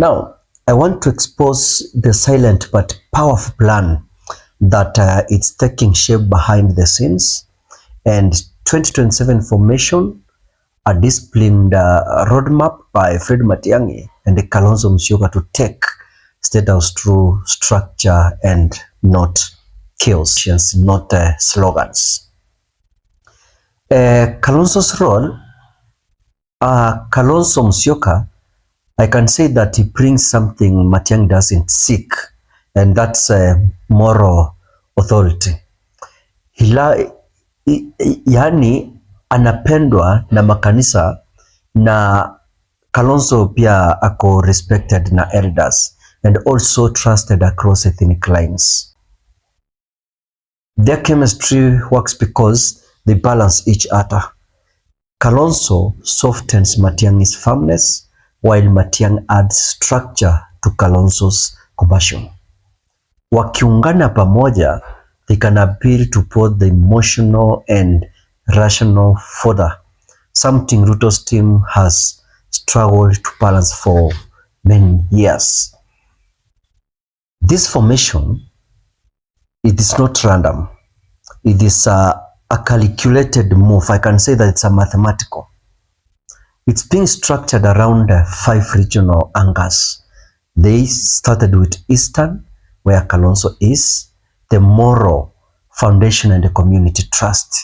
Now, I want to expose the silent but powerful plan that uh, it's taking shape behind the scenes and 2027 formation a disciplined uh, roadmap by Fred Matiang'i and Kalonzo Musyoka to take State House through structure and not kills, not uh, slogans. Uh, Kalonzo's role, uh, Kalonzo Musyoka I can say that he brings something Matiang doesn't seek, and that's a moral authority. Hila, yani anapendwa na makanisa na Kalonzo pia ako respected na elders and also trusted across ethnic lines. Their chemistry works because they balance each other. Kalonzo softens Matiang's firmness while Matiang adds structure to Kalonzo's commercial. Wakiungana pamoja, they can appeal to both the emotional and rational fodder, something Ruto's team has struggled to balance for many years. This formation, it is not random. It is a, a calculated move. I can say that it's a mathematical It's being structured around five regional angles. They started with Eastern, where Kalonzo is, the Moro Foundation and the Community Trust.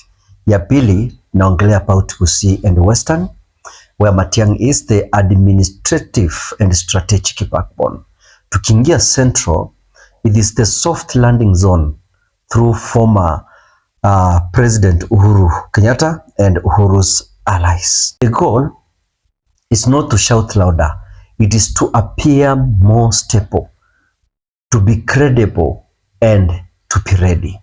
Ya pili naongelea about Kisii and Western, where Matiang is the administrative and strategic backbone. Tukiingia Central, it is the soft landing zone through former uh, President Uhuru Kenyatta and Uhuru's allies. The goal is not to shout louder. It is to appear more stable, to be credible and to be ready.